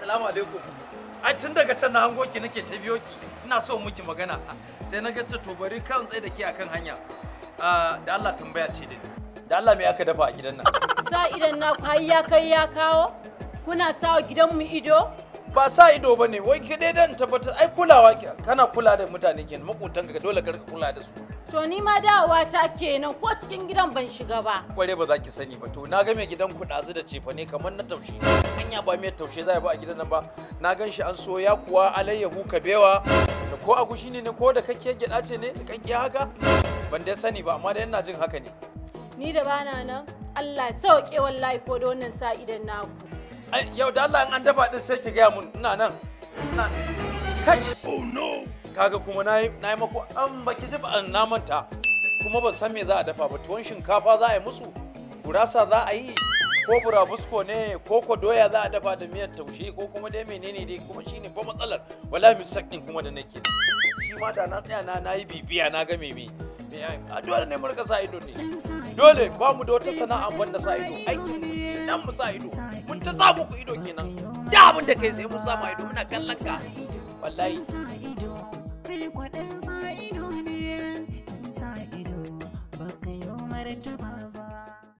Salamu alaikum, bi Ai tun daga can na hango ki nake ta biyo ki. Ina so miki magana. Sai na ga to bari kan tsaye da ke akan hanya. Ah, da Allah tambaya ce da ni. Da Allah me aka dafa a gidan nan? Sa idan na har ya kai ya kawo? Kuna sawa mu ido? Ba sa ido ba ne, wai ke dai dan tabbatar ai kulawa kana kula da mutane kenan makotan ka dole ka kula da su. To ni ma dawowa ta kenan ko cikin gidan ban shiga ba. Kware ba za ki sani ba. To na ga mai gidan ku ɗazu da cefa ne kamar na taushe. Anya ba mai taushe za ba a gidan nan ba. Na gan shi an soya kuwa alayyahu kabewa. Da ko agushi ne ne ko da kake gida ce ne kan ki haka. Ban dai sani ba amma da ina jin haka ne. Ni da bana nan Allah sauke wallahi ko da wannan sa idan naku. Yau da Allah an dafa din sai ki gaya mun ina nan. Ina nan. Kash! Oh Kaga kuma na yi mako an baki zuba an namanta kuma ba san me za a dafa ba tuwon shinkafa za a yi musu gurasa za a yi ko burabusko ne ko ko doya za a dafa da miyar taushe ko kuma dai menene dai kuma shine ba matsalar wala misak din kuma da nake shi ma da na tsaya na nayi bibiya na ga meme a dole ne mu rika sa ido ne dole ba mu da wata sana'a wanda sa ido aikin mu mu sa ido mun ta sa muku ido kenan da abin da kai sai mun sa ido muna kallon ka wallahi kwaɗin sa ido ne sa ido baka yi martaba